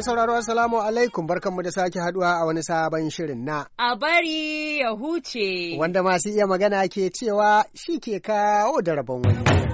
Mai sauraro Assalamu alaikum barkanmu da sake haduwa a wani sabon shirin na. A bari ya huce. Wanda masu iya magana ke cewa shi ke kawo da rabon wani.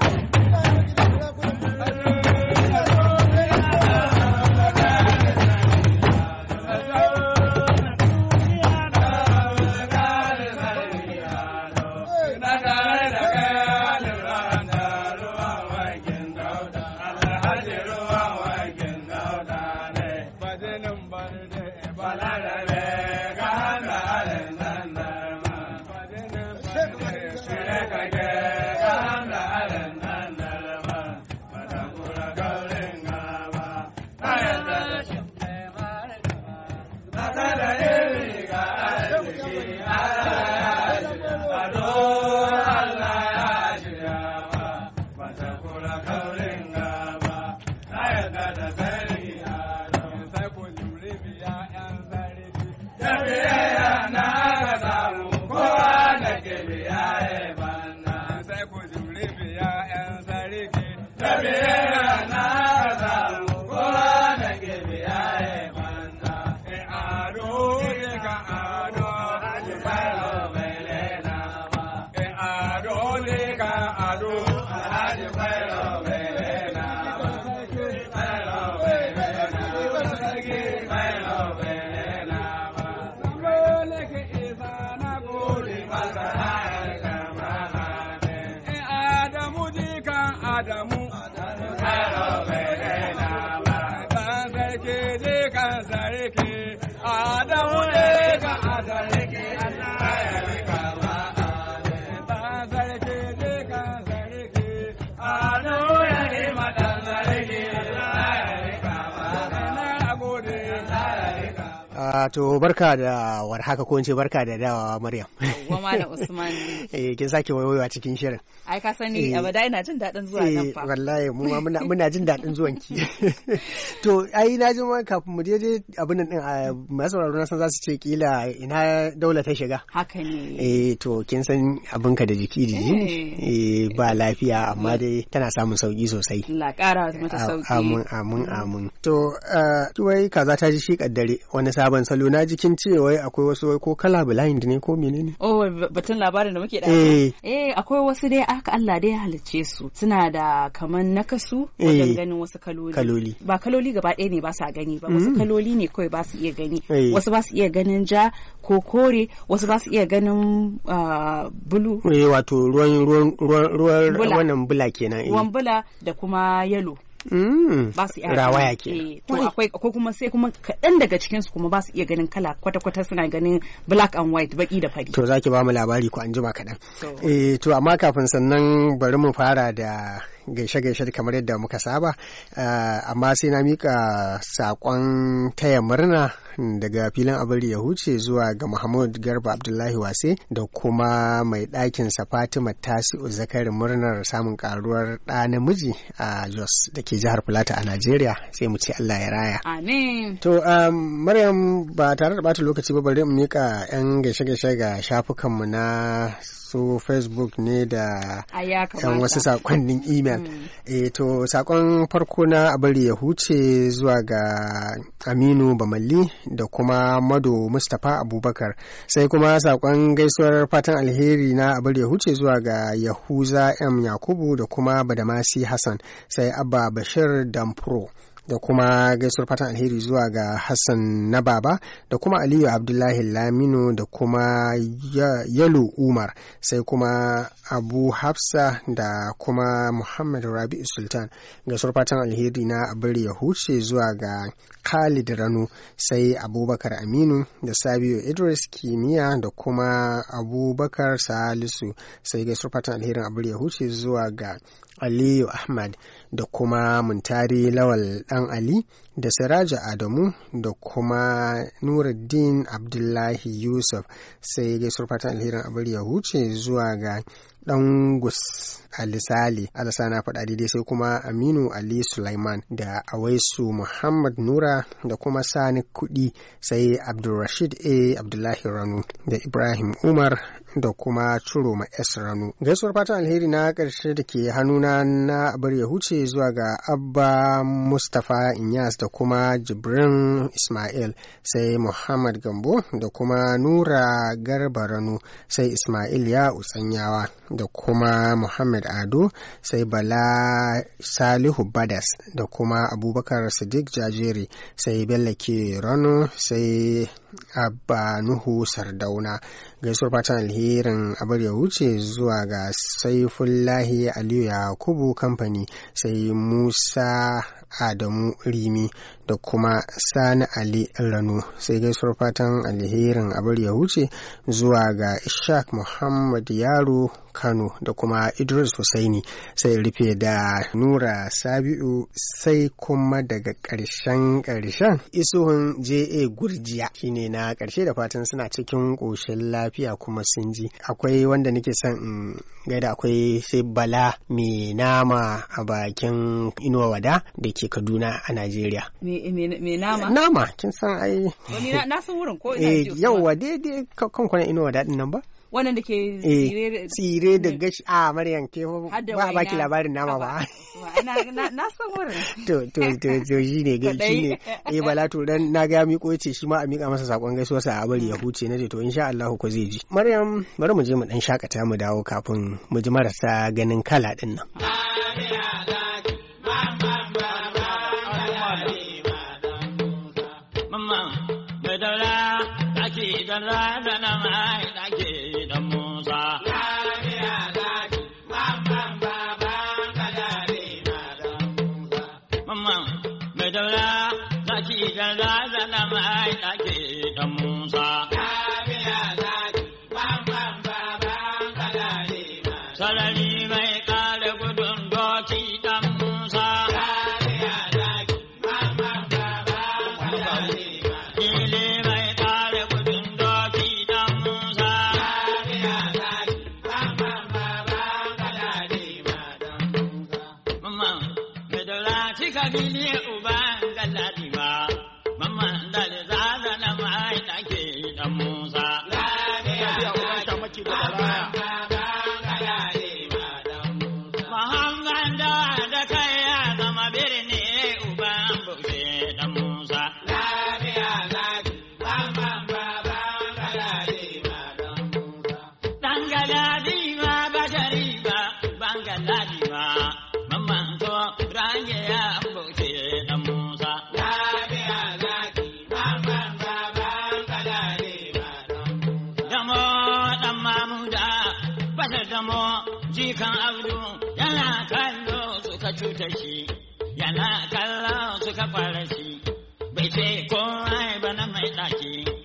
it. to barka da warhaka ko in ce barka da dawa Maryam. Goma da Usman. Eh kin sake wayoyi cikin shirin. ai ka sani eh. bada ina jin daɗin zuwa nan eh, fa wallahi mu ma muna jin daɗin zuwan ki to ai na ji ma kafin mu je abin nan din a masauraro na san za su ce kila ina daula ta shiga haka ne eh to kin san abin ka da jiki jiki eh. eh ba lafiya amma dai tana samun sauki sosai La kara mata sauki amin amin amin to wai kaza ta ji shi kaddare wani sabon salo na jikin wai akwai wasu ko kala blind ne ko menene oh batun labarin da muke da eh akwai wasu dai haka Allah dai ya halicce su suna da kaman nakasu eh. wajen ganin wasu kaloli kaloli ba kaloli gaba ɗaya ne ba sa gani ba wasu mm. kaloli ne kawai ba su iya gani eh. wasu ba su iya ganin ja ko kore wasu ba su iya ganin ah, bulu eh, wato ruwan ruwan ruwan wannan bula kenan ruwan bula da kuma yalo Mm. ba su iya rawaya ke ko eh, kuma sai kuma kaɗan daga cikin su kuma ba su iya ganin kala kwata-kwata suna ganin black and white baki da fari to zaki ba mu labari ko an jima kaɗan eh to amma kafin sannan bari mu fara da gaishe-gaishe kamar yadda muka saba ah, amma sai na mika sakon taya murna daga filin abin ya huce zuwa ga muhammad garba abdullahi wase da kuma mai ɗakin sa fatima tasi'u zakari murnar samun karuwar ɗa namiji a jos da ke jihar plata a najeriya sai mu ce allah ya raya to ah, maryam ba tare da bata lokaci ba bari mu mika 'yan gaishe-gaishe ga shafukanmu na su facebook ne da yan wasu sakonnin email e to sakon farko na abari ya huce zuwa ga aminu bamalli da kuma mado mustapha abubakar sai kuma sakon gaisuwar fatan alheri na abari ya huce zuwa ga yahuza m yakubu da kuma badamasi hassan sai abba bashir damfuro da kuma gaisuwar fatan alheri zuwa ga Hassan na baba da kuma Aliyu Abdullahi Laminu, da kuma Yalo Umar sai kuma Abu Hafsa da kuma Muhammad Rabi'u Sultan gaisuwar fatan alheri na Abir ya huce zuwa ga Khalid Rano sai Abubakar Aminu da Sabiu Idris Kimiya da kuma Abubakar Salisu sai gaisuwar fatan alherin Abir ya huce zuwa ga Aliyu Ahmad da kuma muntari lawal dan ali da siraja adamu da kuma nuruddin abdullahi yusuf sai gaisuwar fatan alherin abar ya huce zuwa ga Gus alisali alasa na faɗa daidai sai kuma aminu ali sulaiman da awaisu muhammad nura da kuma sani kuɗi sai abdulrashid a abdullahi ranu da ibrahim umar da kuma Curoma S ranu. Gaisuwar fatan alheri na ƙarshe da ke hannuna na abar ya huce zuwa ga Abba Mustapha Inyas da kuma jibrin ismail sai muhammad gambo da kuma nura garba rano sai ismail ya usanyawa da kuma muhammad ado sai bala salihu badas da kuma abubakar sadiq jajeri sai bello ke rano sai abba nuhu sardauna gaisuwar fatan alherin abar ya wuce zuwa ga saifullahi aliyu yakubu kamfani sai musa Adamu Rimi da kuma Sani Ali Rano sai gaisuwar fatan alherin a abar ya huce zuwa ga Ishaq Muhammad Yaro Kano da kuma Idris Husaini sai rufe da Nura Sabiu sai kuma daga ƙarshen ƙarshen isuhun JA Gurjiya shine na ƙarshe da fatan suna cikin ƙoshin lafiya kuma sun ji akwai wanda nake son in gaida akwai sai Bala mai nama a bakin Inuwa Wada da ke ke Kaduna a Najeriya. Me nama? Nama, kin san ai. Wani na san wurin ko ina eh, ji. Yawwa daidai kan kwana inuwa daɗin nan ba? Wannan da ke eh, tsire da gashi a ah, Maryam ke ba a baki labarin nama ba. Na san wurin. To to to to shi ne gai shi ne eh bala to dan na ga miko ce shi ma a miƙa masa saƙon gaisuwa sa a bari ya huce na je to insha Allah ko zai ji. Maryam bari mu je mu ɗan shakata mu dawo kafin mu ji marasa ganin kala ɗin nan. Adamo jikan Abdu yana kallo suka cuta shi yana kallo suka fara shi bai ce komai ba na mai ɗaki.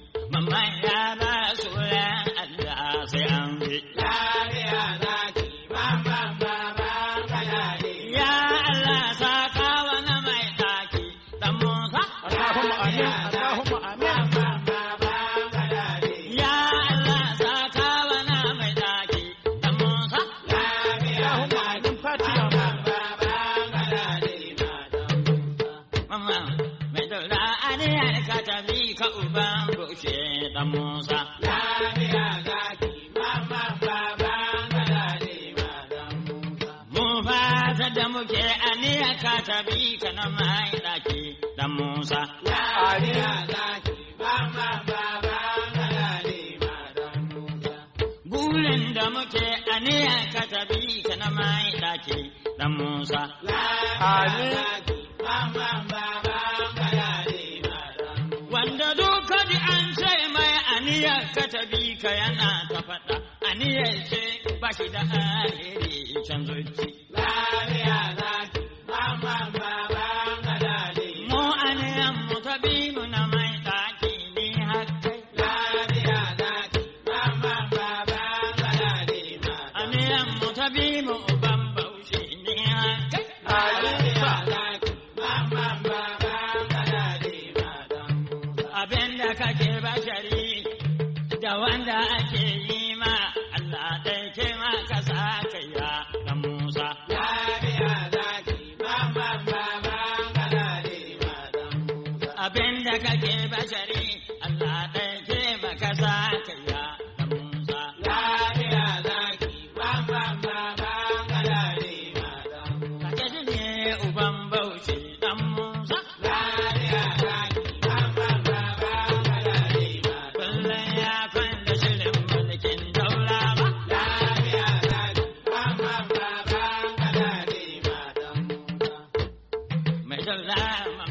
ɗauke aniyar ka ta bi ka na mai ɗaki dan Musa. Lariya zaki ba ma ba ba malale ma dan Musa. Burin da muke aniyar ka ta bi ka na mai ɗaki dan Musa. Lariya zaki ba ma ba ba malale ma dan Musa. Wanda duka ji an ce mai aniyar ka ta bi ka yana ta faɗa aniyar ce ba shi da alheri can zuci. Lariya alive.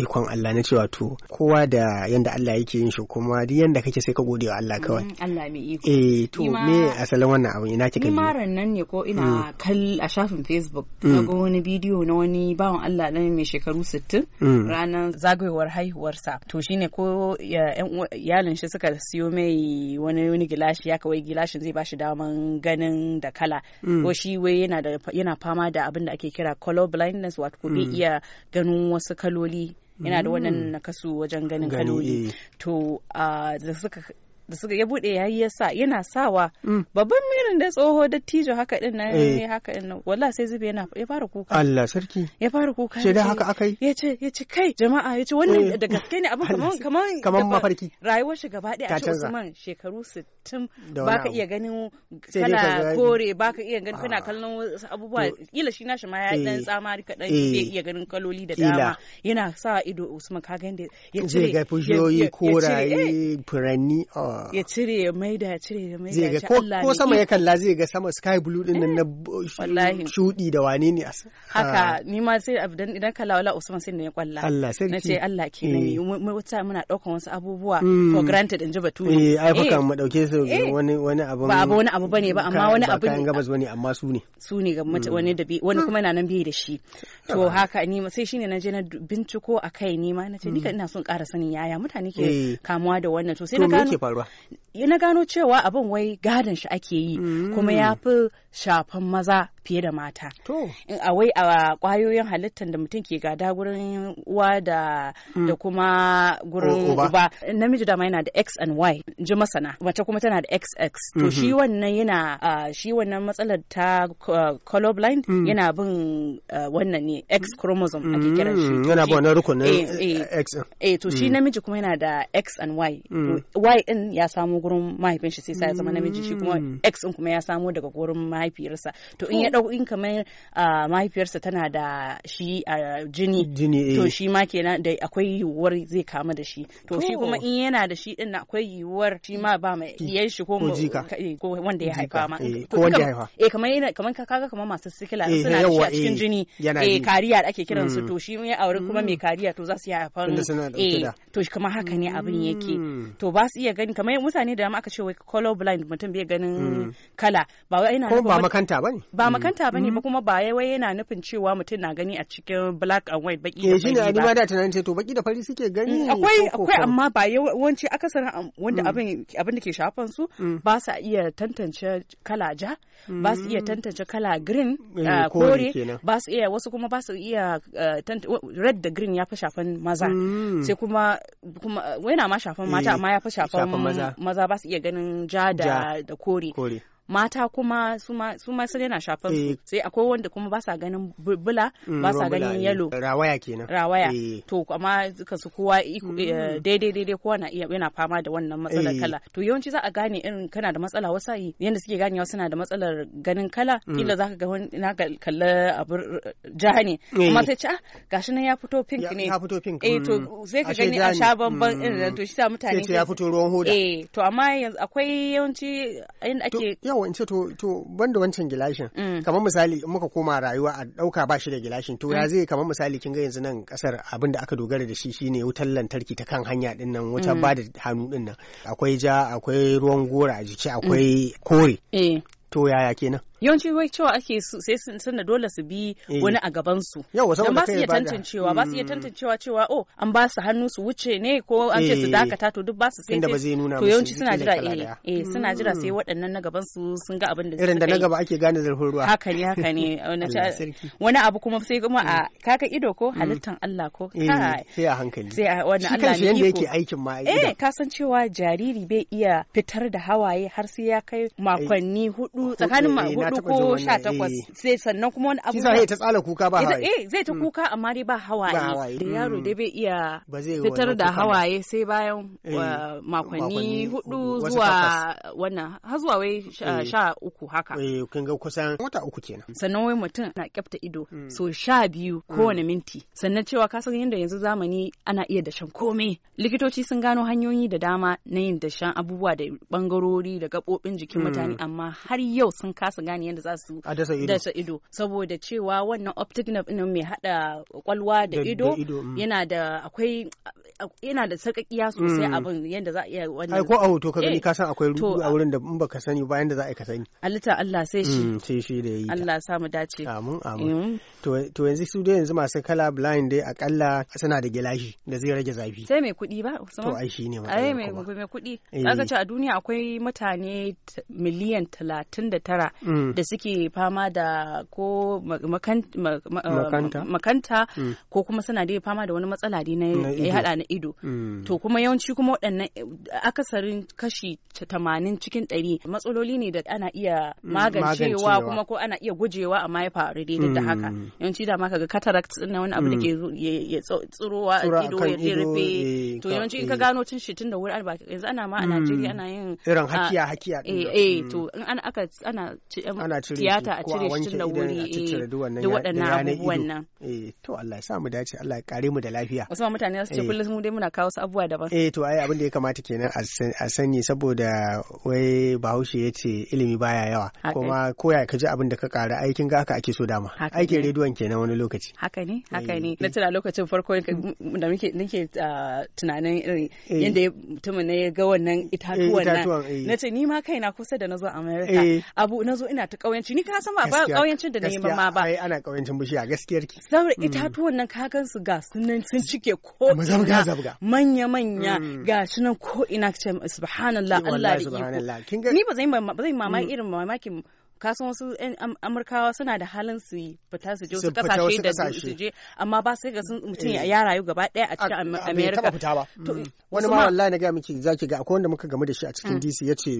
ikon Allah na cewa to kowa da yanda Allah yake yin shi kuma duk yanda kake sai ka gode wa Allah kawai mm, Allah mai iko eh to me asalin wannan abu ina kika ni ran nan ne ko ina mm. kal a shafin Facebook mm. ga wani bidiyo na wani bawan Allah dan mai shekaru 60 ranar haihuwar haihuwarsa to shine ko iyalin shi suka siyo mai wani wani gilashi ya kawai gilashin zai bashi daman ganin da kala ko shi wai yana da yana fama da abin da ake kira color blindness wato bai iya ganin wasu kaloli yana da wannan mm. nakasu wajen ganin kaloli eh. to ah, da suka da suka ya bude yayi ya sa yana sawa mm. babban mirin da tsoho dattijo haka din nan eh. ne haka din walla sai zube yana ya fara kuka Allah sarki ya fara kuka sai da haka akai yace yace kai jama'a yace wannan eh. da gaske ne abin kaman kaman kaman mafarki rayuwar shi gaba daya a Usman shekaru 60 baka iya ganin kana gore baka iya ganin kana ah. kallon abubuwa kila shi nashi ma ya dan eh. tsamari kadan sai iya ganin kaloli da dama yana sa ido Usman ka ga ya ce ya cire koraye furanni ah. ya cire ya maida ya cire ya maida ya ko ko sama ya kalla zai ga sama sky blue din nan na eh, shudi da wane ne haka ni ma sai abdan idan kalla wala usman sai ne ya kwalla Allah sarki nace Allah ke ne eh. mu wuta muna daukan wasu abubuwa hmm. for granted in ji bature eh ai fuka eh. mu dauke su wani wani abu ba abu wani abu bane ba amma wani abu kan gabas bane amma su ne su ne ga hmm. wani da wani kuma na nan biye da shi to haka ni ma sai shine na je na binciko akai ni ma nace ni hmm. ina son ƙara sanin yaya mutane ke kamuwa da wannan to sai na gano na gano cewa abin wai gadon shi ake yi mm. kuma ya fi shafan maza fiye da mata. To. A wai a kwayoyin halittar da mutum ke gada gurin uwa da hmm. da kuma gurin uba. Namiji dama yana da X and Y, ji masana. Mace kuma tana da XX. To shi mm-hmm. wannan yana shi wannan matsalar ta uh, colorblind hmm. yana bin uh, wannan ne X hmm. chromosome ake kiran shi. Yana bin wannan rukunin eh, eh, eh. X. Eh to shi namiji kuma yana da X and Y. Y din ya samo gurin mahaifin shi sai sa ya zama namiji shi kuma X din kuma ya samo daga gurin mahaifiyarsa. To in ya in kamar ah, mahaifiyarsa tana da shi a jini eh. to shi ma kenan da akwai yiwuwar zai kama da shi to shi kuma in yana da shi din akwai yiwuwar shi ma ba mai iyan shi eh, ko wanda ya haifa ma eh, ko wanda ya haifa eh kamar kamar kaga kamar masu sikila suna da shi a cikin jini eh kariya da ake kiran su mm. to shi ya aure kuma mai mm. kariya to za su haifa eh to shi kuma haka ne abin yake mm. to ba su iya gani kamar mutane da ma aka ce wai color blind mutum bai ganin kala ba wai ina ko ba makanta bane ba makanta bane ba mm-hmm. kuma ba wai yana nufin cewa mutum na gani a cikin black and white baki eh, da fari ba. Eh ma da tunanin ce to baki da fari suke gani. Mm, akwai akwai amma ba yawanci akasarin wanda mm. abin abin da ke shafan su mm. ba sa iya tantance kala ja ba su iya tantance kala green eh, ah, kore ba su iya wasu kuma ba su iya eh, red da green ya fi shafan maza sai kuma kuma yana ma shafan mata amma ya fi shafan maza ba su iya ganin ja da kore. mata kuma su ma sun yana shafan. su eh. sai akwai wanda kuma ba sa ganin bula mm, ba sa ganin eh, yalo rawaya kenan rawaya eh. to amma suka su kowa mm. daidai daidai kowa na iya yana fama da wannan matsalar kala to yawanci za a gane irin kana da matsala wasa yi yanda suke gane wasu suna da matsalar ganin kala mm. kila zaka ga wani na kalla abu ja ne kuma sai ci ah gashi nan ya fito pink ne ya fito pink eh to sai ka gani a sha bamban irin to shi sa mutane sai ya fito ruwan hoda eh to amma yanzu akwai yawanci inda ake yawo in ce to to banda wancan gilashin mm. kamar misali in muka koma rayuwa a dauka ba shi da gilashin to ya mm. zai kamar misali kin ga yanzu nan kasar abinda aka dogara da shi shine wutar lantarki ta kan hanya din nan wutar mm. ba da hannu din nan akwai ja akwai ruwan gora a jiki akwai kore eh. to yaya kenan yawanci wai cewa ake su sai sun sanna dole su bi eh. wani a gaban su don ba su iya tantancewa ba su iya mm. tantancewa cewa o oh, an ba su hannu su wuce ne ko an ce su eh. dakata to duk ba su sai to yawanci suna jira eh eh suna jira sai mm. waɗannan na gaban su sun ga abin da irin da na gaba ake gane zurfin ruwa haka ne haka ne wani abu kuma sai kuma a kaka mm. ido ko halittan Allah ko eh, sai a hankali sai a wani Allah ne yake yake aikin ma eh ka san cewa jariri bai iya fitar da hawaye har sai ya kai makonni hudu tsakanin hudu sha takwas eh. sai sannan kuma wani abu sai ta tsala kuka ba hawaye eh zai ta hmm. kuka amma dai ba hawaye da yaro hmm. da bai iya fitar da hawaye sai bayan eh, makonni hudu zuwa wannan har zuwa wai eh. sha uku haka eh kun ga kusan wata uku kenan sannan wai mutum na kyafta ido hmm. so sha biyu kowane minti sannan cewa ka san yadda yanzu zamani ana iya dashen komai likitoci sun gano hanyoyi da dama na yin dashen abubuwa da bangarori da gabobin jikin mutane amma har yau sun kasa gane mutane yadda za su dasa ido saboda cewa wannan optic nerve mai hada kwalwa da ido mm. yana da akwai yana da sarƙaƙiya sosai mm. abin yadda za a iya wannan. Ai ko a hoto ka gani eh, ka san akwai rubu a wurin da in baka sani ba yadda za a yi ka sani. Halitta Allah sai shi. Mm, sai shi da ya yi. Allah sa mu dace. Amin amin. Mm. To yanzu su dai yanzu masu kala blind dai akalla suna da gilashi da zai rage zafi. Sai mai kuɗi ba. To ai shi ne ma. Ai mai kuɗi. Eh. Zaka ce a duniya akwai mutane miliyan talatin da tara da suke fama da ko makanta ko kuma suna dai fama da wani matsala dai na ya hada ido mm. to kuma yawanci kuma waɗannan eh, akasarin kashi tamanin cikin ɗari matsaloli ne da ana iya mm, magancewa kuma ko ana iya gujewa amma ya faru dai duk da haka mm. yawanci da ma ga cataract na wani abu da ke tsirowa ido ya rufe eh, to yawanci in ka eh. gano tun shi tun da wuri yanzu ana ma a Najeriya ana yin irin hakiya hakiya eh eh to in ana aka ana tiyata a cire shi tun da wuri da waɗannan abubuwan nan to Allah ya sa mu dace Allah ya kare mu da lafiya wasu mutane su ce kullum mu dai muna kawo su abubuwa daban eh to ai abin da ya kamata kenan a sani saboda wai bahaushe ya ce ilimi baya yawa kuma koya ka ji abin da ka kara aikin ga haka ake so dama aikin rediyon kenan wani lokaci haka ne haka eh. ne na tuna lokacin farko da muke nake ah, tunanin irin eh. yadda mutumin ne ya ga wannan itatuwan nan eh. na ce ni ma kaina kusa da nazo America abu nazo ina ta kauyanci ni ka san ba kauyancin da na yi ma ba ai ana kauyancin bishiya gaskiyar ki saboda hmm. itatuwan nan ka gan su ga sun cike ko manya manya mm. ga shi nan ko ina ce subhanallah Allah ya iko ni ba zai ba mamaki mm. irin mamakin kasan wasu yan amurkawa suna da halin su yi fita su je wasu kasashe da su je amma ba sai ga sun mutum eh. ya rayu gaba daya a cikin america mm. wani ma wallahi na ga miki zaki ga akwai wanda muka gamu da shi a cikin mm. dc yace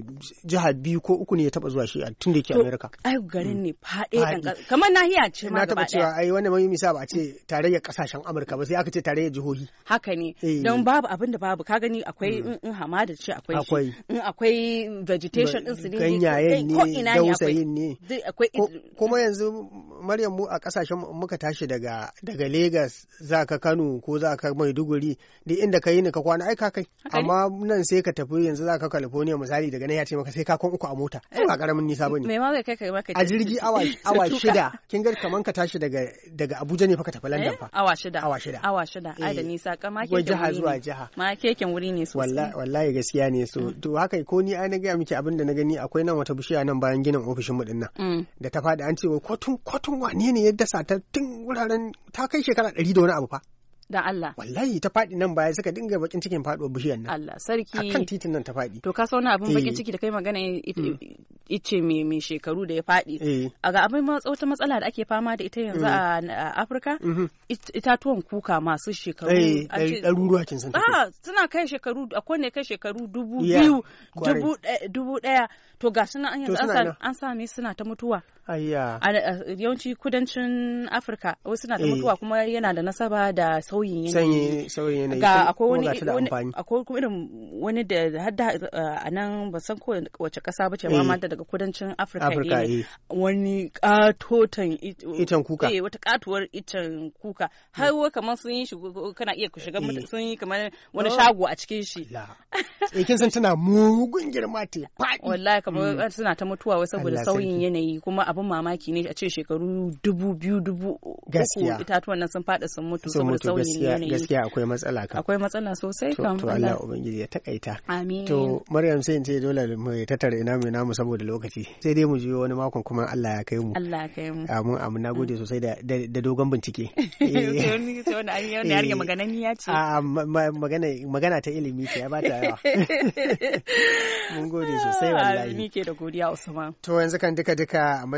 jiha biyu ko uku ne ya taba zuwa shi tun da yake america ai garin mm. ne faɗe kamar nahiya ce ma gaba daya cewa ai wanda mai misa ba a ce tarayyar kasashen amurka ba sai aka ce tarayyar jihohi haka ne eh. don babu abin da babu ka gani akwai in hamada ce akwai shi in akwai vegetation din su ne ina ne akwai ne kuma yanzu maryam mu a kasashen muka tashi daga daga Legas za ka Kano ko za ka Maiduguri duk inda ka yi ni ka kwana ai ka kai amma nan sai ka tafi yanzu za ka California misali daga nan ya ce maka sai ka kwan uku a mota ba karamin nisa bane me ma zai kai ka maka a jirgi awa awa shida kin ga kaman ka tashi daga daga Abuja ne fa ka tafi eh, London fa awa shida awa shida awa shida ai da eh, nisa kama ke jiha zuwa jiha ma keken wuri ne sosai wallahi gaskiya ne so mm. to haka ko ni ai na ga miki abin da na gani akwai nan wata bishiya nan bayan ginin ofishin mu din nan mm. da ta faɗi an ce wai kwatun kwatun wane ne ya dasa ta tun wuraren ta kai shekara ɗari da wani abu fa da Allah wallahi ta faɗi nan baya suka dinga bakin cikin faɗo bishiyar nan Allah sarki A kan titin nan ta faɗi to ka sauna abin bakin eh. ciki da kai magana mm. ice me me shekaru da ya faɗi eh. a ga abin wata matsala da ake fama da ita yanzu mm. a Afirka mm-hmm. itatuwan kuka masu shekaru eh, ɗaruruwa kin san ah, suna kai shekaru akwai ne kai shekaru dubu biyu dubu ɗaya to ga suna an yanzu an sami suna ta mutuwa Yawanci kudancin Afirka wasu na da eh. mutuwa kuma yana da nasaba da sauyin yanayi. Sauyin yanayi. Ga akwai kuma wani da hadda a nan ba san ko wace kasa ba ce ma mata eh. daga kudancin Afirka ne. Eh. Wani katotan itan kuka. Eh wata katuwar itan kuka. Har hmm. wa kamar sun yi shigo kana iya ku shiga sun yi kamar wani oh. shago a cikin shi. Eh kin san tana mugun girma te faɗi. Wallahi kamar hmm. suna ta mutuwa saboda sauyin yanayi kuma abin mamaki ne a ce shekaru dubu biyu dubu Gaskiya. itatuwan nan sun fada sun mutu saboda sauyin yanayi gaskiya akwai matsala kan akwai matsala sosai kan to Allah ubangiji ya takaita amin to Maryam sai in ce dole mu tattara ina mu namu saboda lokaci sai dai mu ji wani makon kuma Allah ya kai mu Allah ya kai mu amin amin nagode mm. sosai da da dogon bincike magana ni magana ta ilimi ce ya ba ta yawa mun gode sosai wallahi ni ke da godiya Usman to yanzu kan duka duka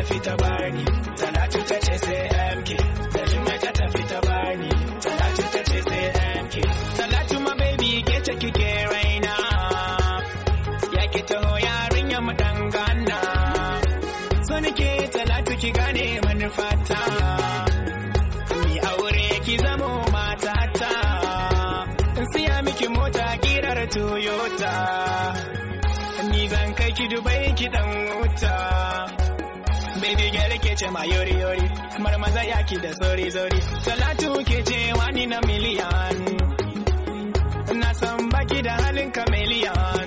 tafi ta bani talatu ta ce sai mk da mata ta tafi ta bani talatu ta ce sai mk talatu ma baby ke ce kike raina ya ki taho yarin ya mu dangana so nake talatu ki gane manufata ni aure ki zamo matata in siya miki mota kirar toyota ni zan kai ki dubai ki dan wuta baby girl ke ce ma yori yori kamar maza yaki da sori sori salatu ke ce wani na miliyan na san baki da halin kameliyan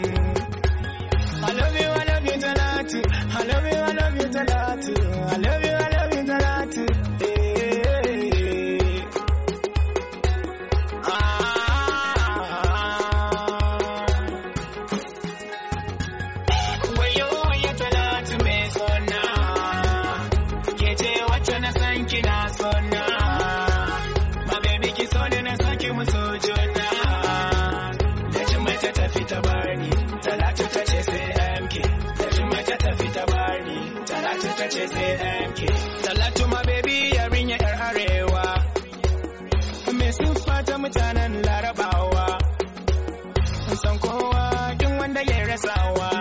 kawowa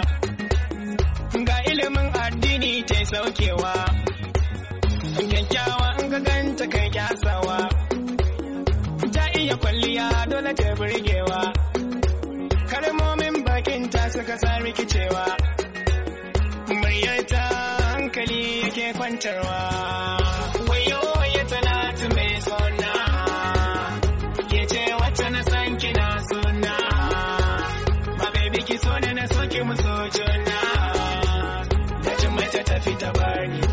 ga ilimin addini ta saukewa kyakkyawa in ga ganta kai kyasawa ta iya kwalliya dole ta burgewa kalmomin bakin ta suka sa rikicewa ta hankali yake kwantarwa wayo fi tamaño.